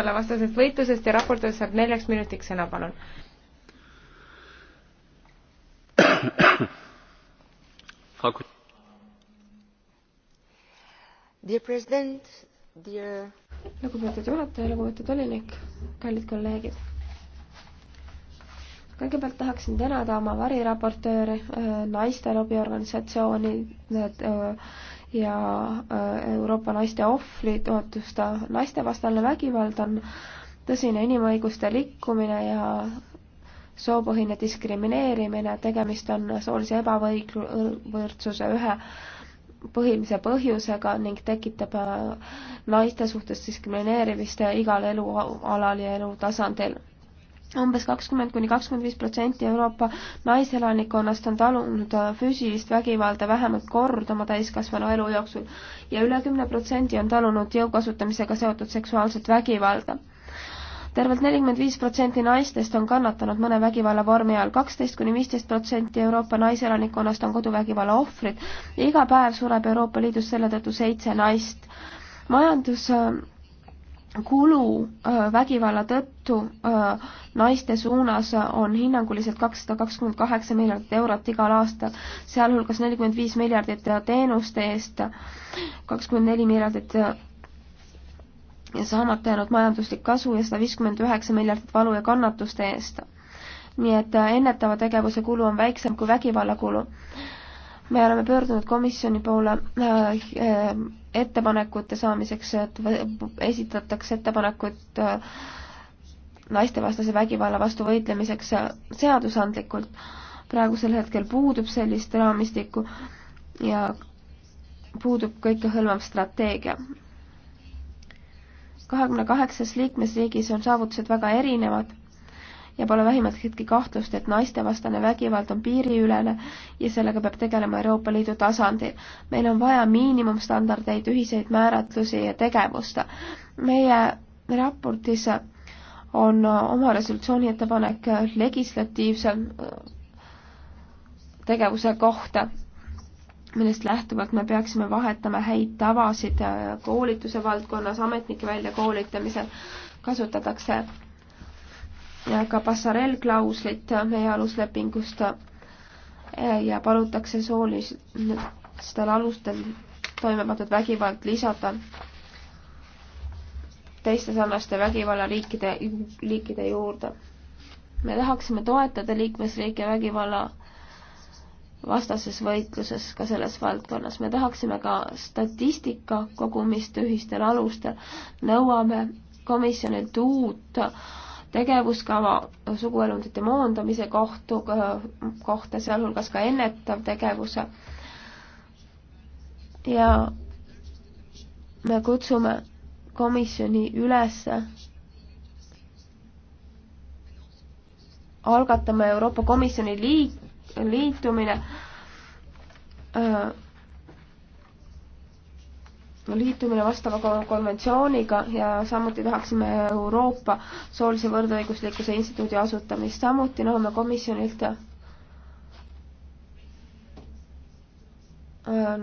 vägivalla vastasest võitlusest ja raportöör saab neljaks minutiks sõna, palun. lugupeetud juhataja, lugupeetud volinik, kallid kolleegid. kõigepealt tahaksin tänada oma variraportööri, äh, naiste lobiorganisatsiooni, ja äh, Euroopa naiste ohvri toetusta naistevastane vägivald on tõsine inimõiguste rikkumine ja soopõhine diskrimineerimine, tegemist on soolise ebavõrdsuse ühe põhilise põhjusega ning tekitab äh, naiste suhtes diskrimineerimist igal elualal ja elutasandil umbes kakskümmend kuni kakskümmend viis protsenti Euroopa naiselanikkonnast on talunud äh, füüsilist vägivalda vähemalt kord oma täiskasvanu elu jooksul ja üle kümne protsendi on talunud jõu kasutamisega seotud seksuaalset vägivalda. tervelt nelikümmend viis protsenti naistest on kannatanud mõne vägivalla vormi all, kaksteist kuni viisteist protsenti Euroopa naiselanikkonnast on koduvägivalla ohvrid ja iga päev sureb Euroopa Liidus selle tõttu seitse naist. majandus äh, kulu äh, vägivalla tõttu äh, naiste suunas äh, on hinnanguliselt kakssada kakskümmend kaheksa miljardit eurot igal aastal, sealhulgas nelikümmend viis miljardit teenuste eest, kakskümmend neli miljardit saamata jäänud majanduslik kasu ja sada viiskümmend üheksa miljardit valu ja kannatuste eest. nii et ennetava tegevuse kulu on väiksem kui vägivalla kulu me oleme pöördunud komisjoni poole äh, äh, ettepanekute saamiseks, et esitatakse ettepanekud äh, naistevastase vägivalla vastu võitlemiseks seadusandlikult. praegusel hetkel puudub sellist raamistikku ja puudub kõikehõlmav strateegia. kahekümne kaheksas liikmesriigis on saavutused väga erinevad ja pole vähimatki kahtlust, et naistevastane vägivald on piiriülene ja sellega peab tegelema Euroopa Liidu tasandil. meil on vaja miinimumstandardeid, ühiseid määratlusi ja tegevust. meie raportis on oma resolutsiooni ettepanek legislatiivse tegevuse kohta millest lähtuvalt me peaksime vahetama häid tavasid koolituse valdkonnas, ametnike väljakoolitamisel kasutatakse ja ka passarellklauslit meie aluslepingust eh, ja palutakse soolistel alustel toime pandud vägivald lisada teiste sarnaste vägivallaliikide, liikide juurde. me tahaksime toetada liikmesriike vägivalla vastases võitluses ka selles valdkonnas. me tahaksime ka statistika kogumist ühistel alustel, nõuame komisjonilt uut tegevuskava suguelundite maandamise kohtu, kohta, sealhulgas ka ennetav tegevus. ja me kutsume komisjoni üles algatama Euroopa Komisjoni liit, liitumine öö, äh, liitumine vastava konventsiooniga ja samuti tahaksime Euroopa soolise võrdõiguslikkuse instituudi asutamist. samuti nõuame komisjonilt äh,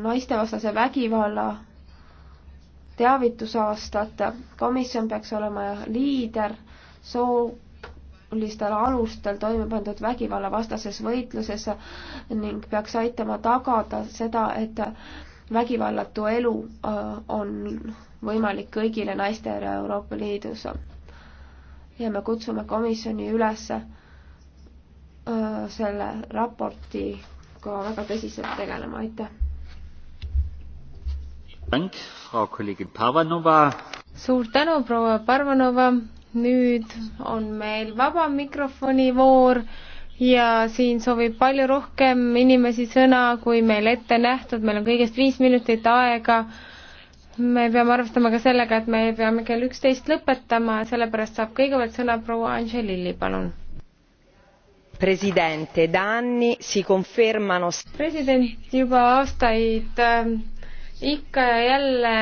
naistevastase vägivalla teavitusaastat. komisjon peaks olema liider soolistel alustel toime pandud vägivallavastases võitluses ning peaks aitama tagada seda, et vägivallatu elu äh, on võimalik kõigile naistele Euroopa Liidus. ja me kutsume komisjoni üles äh, selle raportiga väga tõsiselt tegelema, aitäh. suur tänu, proua Parvanova, nüüd on meil vaba mikrofoni voor ja siin soovib palju rohkem inimesi sõna, kui meil ette nähtud, meil on kõigest viis minutit aega. me peame arvestama ka sellega, et me peame kell üksteist lõpetama, sellepärast saab kõigepealt sõna proua Angelilli, palun. presidente, danni si confermano. president juba aastaid äh, ikka ja jälle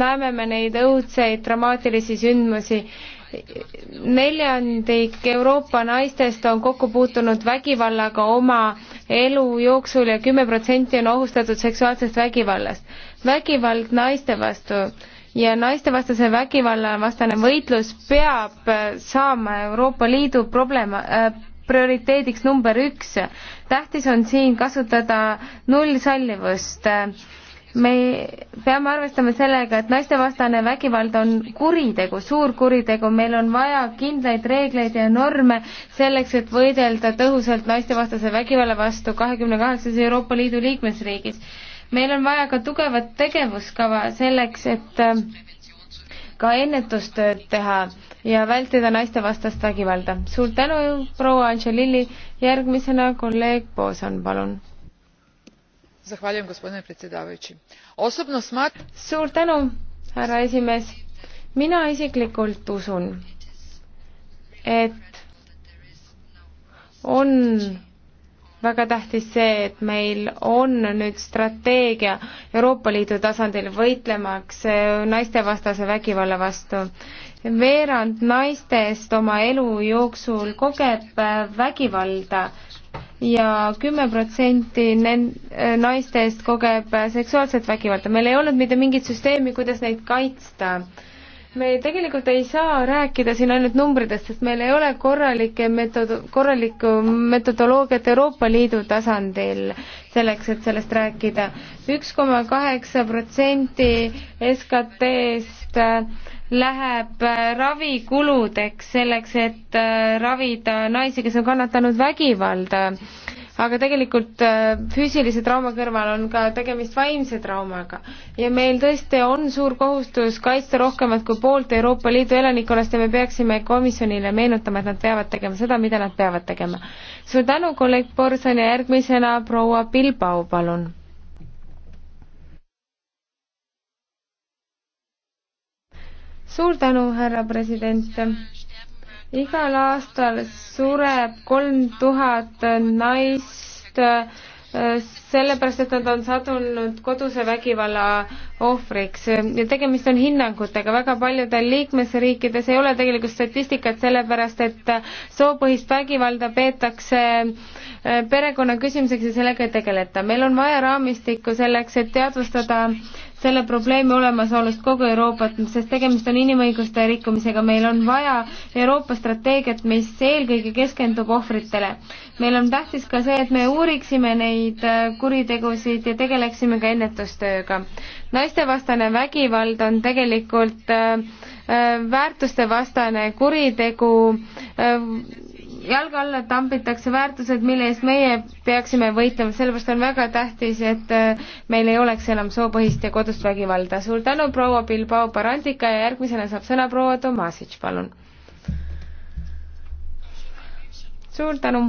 näeme me neid õudseid dramaatilisi sündmusi neljandik Euroopa naistest on kokku puutunud vägivallaga oma elu jooksul ja kümme protsenti on ohustatud seksuaalsest vägivallast. vägivald naiste vastu ja naistevastase vägivalla vastane võitlus peab äh, saama Euroopa Liidu probleem äh, prioriteediks number üks. tähtis on siin kasutada nullsallivust äh, me peame arvestama sellega, et naistevastane vägivald on kuritegu, suur kuritegu, meil on vaja kindlaid reegleid ja norme selleks, et võidelda tõhusalt naistevastase vägivalla vastu kahekümne kaheksas Euroopa Liidu liikmesriigis. meil on vaja ka tugevat tegevuskava selleks, et äh, ka ennetustööd teha ja vältida naistevastast vägivalda. suur tänu, proua Anželilli, järgmisena kolleeg Pooson, palun gospodine predsjedavajući suur tänu härra esimees mina isiklikult usun et on väga tähtis see, et meil on nüüd strateegia Euroopa Liidu tasandil võitlemaks naistevastase vägivalla vastu. veerand naistest oma elu jooksul kogeb vägivalda ja kümme protsenti äh, naistest kogeb äh, seksuaalset vägivalda. meil ei olnud mitte mingit süsteemi, kuidas neid kaitsta me tegelikult ei saa rääkida siin ainult numbritest, sest meil ei ole korralikke metod-, korralikku metodoloogiat Euroopa Liidu tasandil selleks, et sellest rääkida. üks koma kaheksa protsenti SKT-st äh, läheb äh, ravikuludeks selleks, et äh, ravida naisi, kes on kannatanud vägivalda. aga tegelikult äh, füüsilise trauma kõrval on ka tegemist vaimse traumaga ja meil tõesti on suur kohustus kaitsta rohkemat kui poolt Euroopa Liidu elanikkonnast ja me peaksime komisjonile meenutama, et nad peavad tegema seda, mida nad peavad tegema. suur tänu, kolleeg Borson ja järgmisena proua Bilbao, palun suur tänu, härra president. igal aastal sureb kolm tuhat naist äh, sellepärast, et nad on sattunud koduse vägivalla ohvriks ja tegemist on hinnangutega, väga paljudel liikmesriikides ei ole tegelikult statistikat, sellepärast et soopõhist vägivalda peetakse äh, perekonna küsimuseks ja sellega ei tegeleta. meil on vaja raamistikku selleks, et teadvustada selle probleemi olemasolust kogu Euroopat, sest tegemist on inimõiguste rikkumisega. meil on vaja Euroopa strateegiat, mis eelkõige keskendub ohvritele. meil on tähtis ka see, et me uuriksime neid äh, kuritegusid ja tegeleksime ka ennetustööga. naistevastane vägivald on tegelikult äh, äh, väärtustevastane kuritegu jalge alla tambitakse väärtused, mille eest meie peaksime võitlema, sellepärast on väga tähtis, et äh, meil ei oleks enam soopõhist ja kodust vägivalda. suur tänu, proua Bilbao Barandika ja järgmisena saab sõna proua Tomasic, palun. suur tänu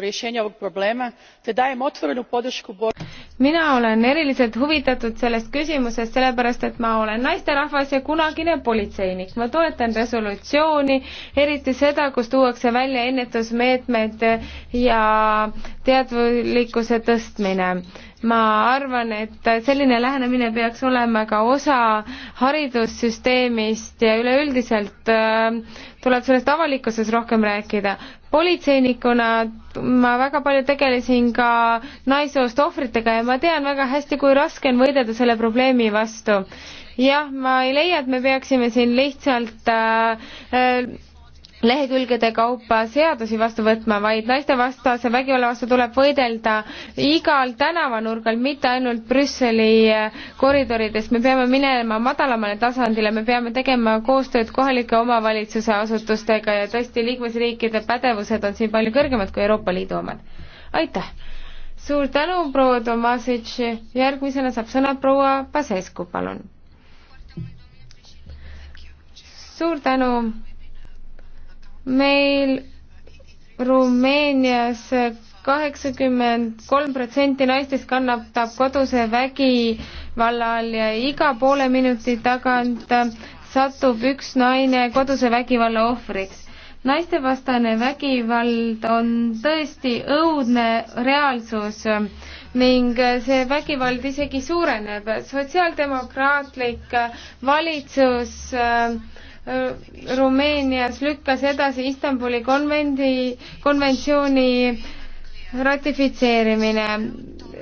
rješenja ovog problema te dajem otvorenu podršku borbi mina olen eriliselt huvitatud sellest küsimusest sellepärast et ma olen naisterahvas ja kunagine politseinik ma toetan resolutsiooni eriti seda kus tuuakse välja ennetusmeetmed ja teadlikkuse tõstmine. ma arvan, et selline lähenemine peaks olema ka osa haridussüsteemist ja üleüldiselt äh, tuleb sellest avalikkuses rohkem rääkida. politseinikuna ma väga palju tegelesin ka naissoost ohvritega ja ma tean väga hästi, kui raske on võidelda selle probleemi vastu. jah, ma ei leia, et me peaksime siin lihtsalt äh, äh lehekülgede kaupa seadusi vastu võtma, vaid naistevastase vägivalla vastu tuleb võidelda igal tänavanurgal, mitte ainult Brüsseli eh, koridorides. me peame minema madalamale tasandile, me peame tegema koostööd kohalike omavalitsuse asutustega ja tõesti, liikmesriikide pädevused on siin palju kõrgemad kui Euroopa Liidu omad. aitäh! suur tänu, proua Tomasic, järgmisena saab sõna proua Pasescu, palun. suur tänu meil Rumeenias kaheksakümmend kolm protsenti naistest kannatab koduse vägivalla all ja iga poole minuti tagant satub üks naine koduse vägivalla ohvriks. naistevastane vägivald on tõesti õudne reaalsus ning see vägivald isegi suureneb. sotsiaaldemokraatlik valitsus äh, Äh, Rumeenias lükkas edasi Istanbuli konvendi, konventsiooni ratifitseerimine.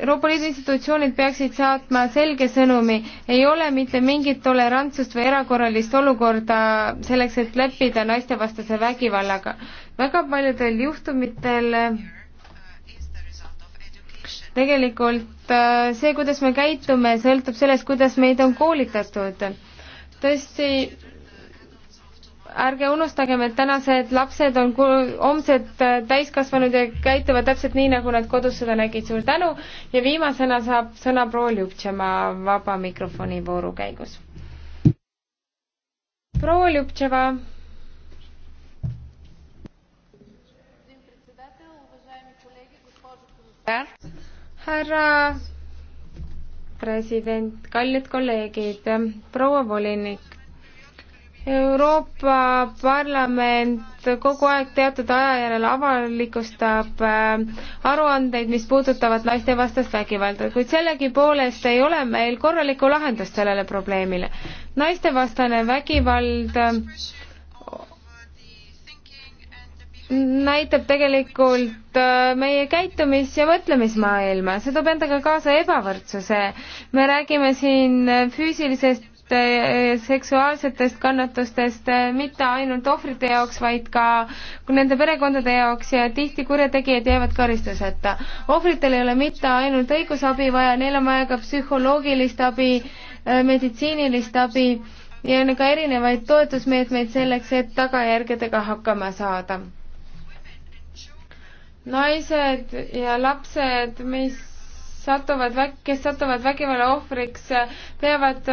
Euroopa Liidu institutsioonid peaksid saatma selge sõnumi, ei ole mitte mingit tolerantsust või erakorralist olukorda selleks, et leppida naistevastase vägivallaga. väga paljudel juhtumitel äh, tegelikult äh, see, kuidas me käitume, sõltub sellest, kuidas meid on koolitatud. tõesti, ärge unustagem, et tänased lapsed on homsed äh, täiskasvanud ja käituvad täpselt nii, nagu nad kodus seda nägid. suur tänu ja viimasena saab sõna proua Ljubtšema vaba mikrofoni vooru käigus. proua Ljubtševa. härra president, kallid kolleegid, proua volinik Euroopa Parlament kogu aeg teatud aja järel avalikustab äh, aruandeid, mis puudutavad naistevastast vägivalda, kuid sellegipoolest ei ole meil korralikku lahendust sellele probleemile. naistevastane vägivald äh, näitab tegelikult äh, meie käitumis- ja mõtlemismaailma, see toob endaga kaasa ebavõrdsuse. me räägime siin füüsilisest Eh, seksuaalsetest kannatustest eh, mitte ainult ohvrite jaoks, vaid ka nende perekondade jaoks ja tihti kurjategijad jäävad karistuseta. ohvritel ei ole mitte ainult õigusabi vaja, neil on vaja ka psühholoogilist abi, eh, meditsiinilist abi ja on ka erinevaid toetusmeetmeid selleks, et tagajärgedega hakkama saada. naised ja lapsed, mis satuvad, kes satuvad vägivalla ohvriks, peavad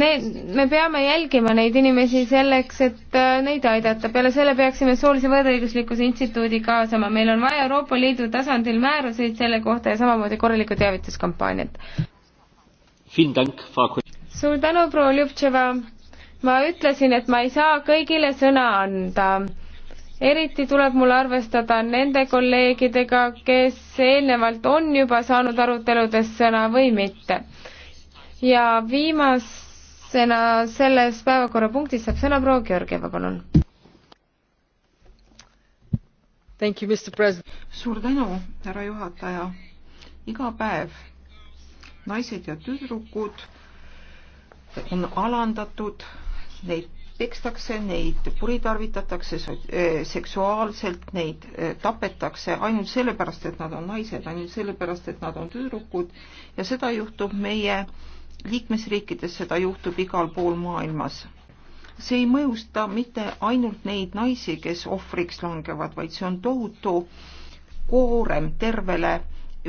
need, me peame jälgima neid inimesi selleks, et äh, neid aidata, peale selle peaksime soolise võrdõiguslikkuse instituudi kaasama, meil on vaja Euroopa Liidu tasandil määruseid selle kohta ja samamoodi korralikku teavituskampaaniat. suur tänu, proua Ljubtševa, ma ütlesin, et ma ei saa kõigile sõna anda eriti tuleb mul arvestada nende kolleegidega, kes eelnevalt on juba saanud aruteludes sõna või mitte. ja viimast viimasena selles päevakorrapunktis saab sõna proua Georgieva, palun. suur tänu, härra juhataja. iga päev naised ja tüdrukud on alandatud, neid pekstakse, neid kuritarvitatakse eh, seksuaalselt, neid eh, tapetakse ainult sellepärast, et nad on naised, ainult sellepärast, et nad on tüdrukud ja seda juhtub meie liikmesriikides seda juhtub igal pool maailmas. see ei mõjusta mitte ainult neid naisi, kes ohvriks langevad, vaid see on tohutu koorem tervele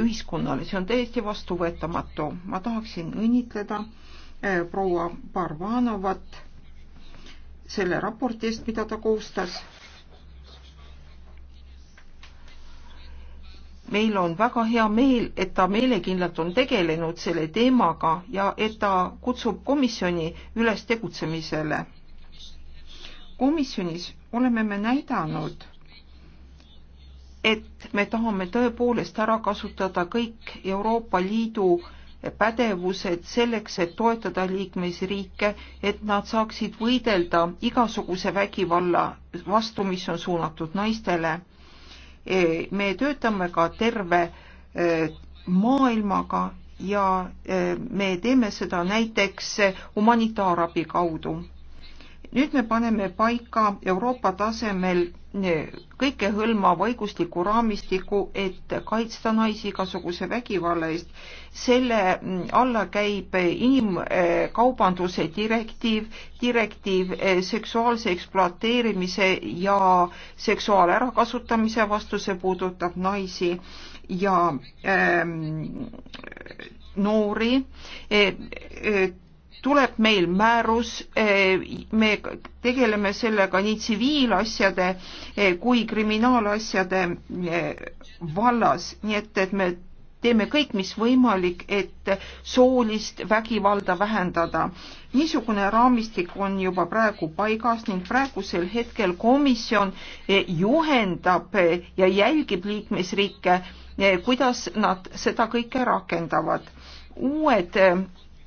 ühiskonnale, see on täiesti vastuvõetamatu. ma tahaksin õnnitleda eh, proua Barvanovat selle raporti eest, mida ta koostas meil on väga hea meel, et ta meelekindlalt on tegelenud selle teemaga ja et ta kutsub komisjoni üles tegutsemisele. komisjonis oleme me näidanud, et me tahame tõepoolest ära kasutada kõik Euroopa Liidu pädevused selleks, et toetada liikmesriike, et nad saaksid võidelda igasuguse vägivalla vastu, mis on suunatud naistele me töötame ka terve maailmaga ja me teeme seda näiteks humanitaarabi kaudu nüüd me paneme paika Euroopa tasemel eh, kõikehõlmava õigusliku raamistiku, et kaitsta naisi igasuguse vägivalla eest. selle mm, alla käib inimkaubanduse eh, direktiiv, direktiiv eh, seksuaalse ekspluateerimise ja seksuaalärakasutamise vastu, see puudutab naisi ja ähm, noori tuleb meil määrus, eh, me tegeleme sellega nii tsiviilasjade eh, kui kriminaalasjade eh, vallas, nii et, et me teeme kõik, mis võimalik, et soolist vägivalda vähendada. niisugune raamistik on juba praegu paigas ning praegusel hetkel komisjon juhendab ja jälgib liikmesriike, kuidas nad seda kõike rakendavad. uued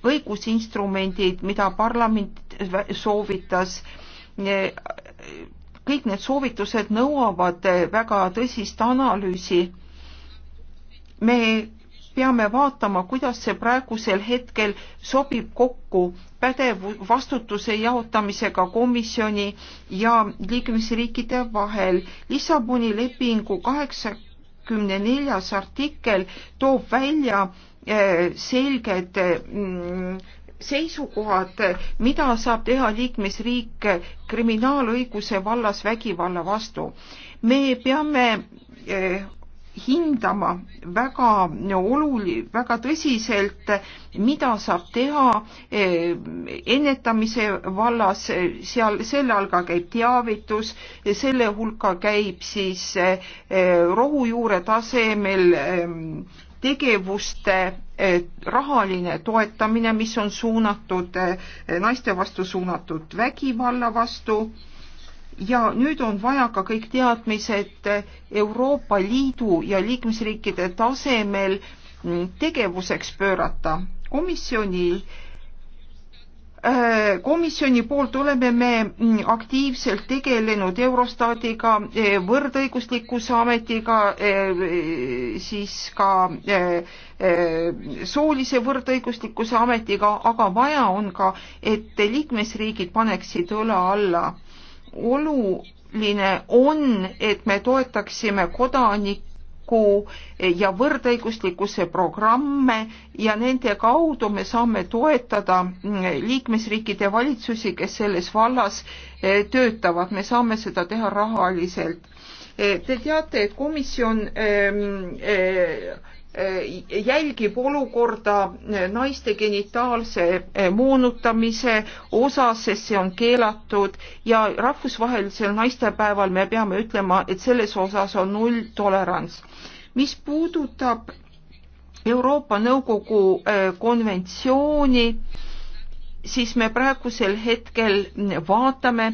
õigusinstrumendid, mida parlament soovitas, kõik need soovitused nõuavad väga tõsist analüüsi. me peame vaatama, kuidas see praegusel hetkel sobib kokku pädev vastutuse jaotamisega komisjoni ja liikmesriikide vahel. Lissaboni lepingu kaheksakümne neljas artikkel toob välja selged mm, seisukohad, mida saab teha liikmesriik kriminaalõiguse vallas vägivalla vastu. me peame eh, hindama väga oluli-, väga tõsiselt, mida saab teha eh, ennetamise vallas, seal, selle all ka käib teavitus, selle hulka käib siis eh, rohujuure tasemel tegevuste eh, rahaline toetamine, mis on suunatud eh, naiste vastu suunatud vägivalla vastu. ja nüüd on vaja ka kõik teadmised eh, Euroopa Liidu ja liikmesriikide tasemel mm, tegevuseks pöörata. komisjonil Äh, komisjoni poolt oleme me mm, aktiivselt tegelenud Eurostatiga, äh, võrdõiguslikkuse ametiga, äh, siis ka soolise võrdõiguslikkuse ametiga, aga vaja on ka, et liikmesriigid paneksid õla alla. oluline on, et me toetaksime kodanikke arengu ja võrdõiguslikkuse programme ja nende kaudu me saame toetada liikmesriikide valitsusi, kes selles vallas eh, töötavad, me saame seda teha rahaliselt. Eh, te teate, et komisjon ehm, eh, Eh, jälgib olukorda naiste genitaalse eh, moonutamise osas, sest see on keelatud ja rahvusvahelisel naistepäeval me peame ütlema, et selles osas on nulltolerants. mis puudutab Euroopa Nõukogu eh, konventsiooni, siis me praegusel hetkel vaatame,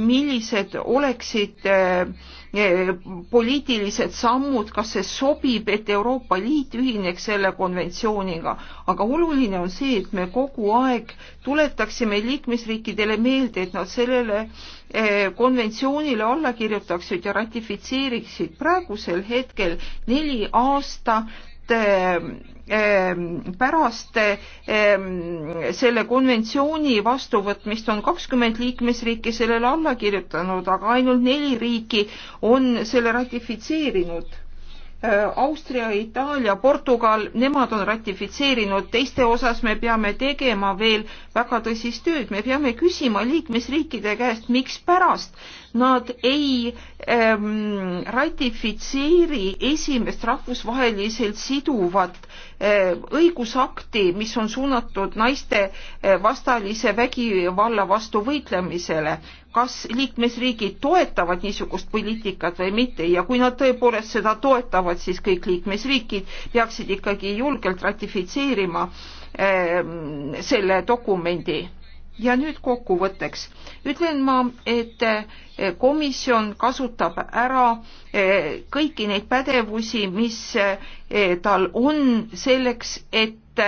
millised oleksid eh, poliitilised sammud, kas see sobib, et Euroopa Liit ühineks selle konventsiooniga, aga oluline on see, et me kogu aeg tuletaksime liikmesriikidele meelde, et nad sellele eh, konventsioonile alla kirjutaksid ja ratifitseeriksid. praegusel hetkel neli aasta Ehm, pärast ehm, selle konventsiooni vastuvõtmist on kakskümmend liikmesriiki sellele alla kirjutanud, aga ainult neli riiki on selle ratifitseerinud Austria, Itaalia, Portugal, nemad on ratifitseerinud, teiste osas me peame tegema veel väga tõsist tööd, me peame küsima liikmesriikide käest, mikspärast nad ei ähm, ratifitseeri esimest rahvusvaheliselt siduvat Eh, õigusakti, mis on suunatud naiste eh, vastalise vägivalla vastu võitlemisele. kas liikmesriigid toetavad niisugust poliitikat või mitte ja kui nad tõepoolest seda toetavad, siis kõik liikmesriigid peaksid ikkagi julgelt ratifitseerima eh, selle dokumendi ja nüüd kokkuvõtteks ütlen ma, et eh, komisjon kasutab ära eh, kõiki neid pädevusi, mis eh, tal on selleks, et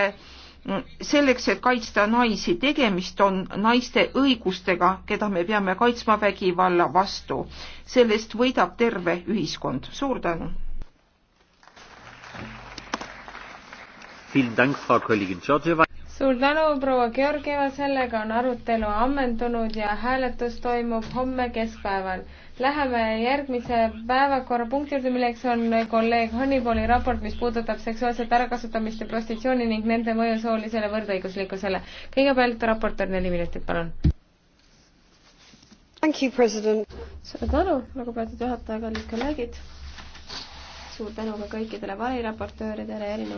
mm, selleks, et kaitsta naisi, tegemist on naiste õigustega, keda me peame kaitsma vägivalla vastu. sellest võidab terve ühiskond. suur tänu. Vielen Dank, Frau Kollegin Georgieva suur tänu, proua Georgieva, sellega on arutelu ammendunud ja hääletus toimub homme keskpäeval. Läheme järgmise päevakorrapunkti juurde, milleks on kolleeg Honeyballi raport, mis puudutab seksuaalset ärakasutamist ja prostitutsiooni ning nende mõju soolisele võrdõiguslikkusele. kõigepealt raportöör neli minutit, palun. suur tänu, lugupeetud juhataja, kallid kolleegid. suur tänu ka kõikidele variraportööridele ja erinevatele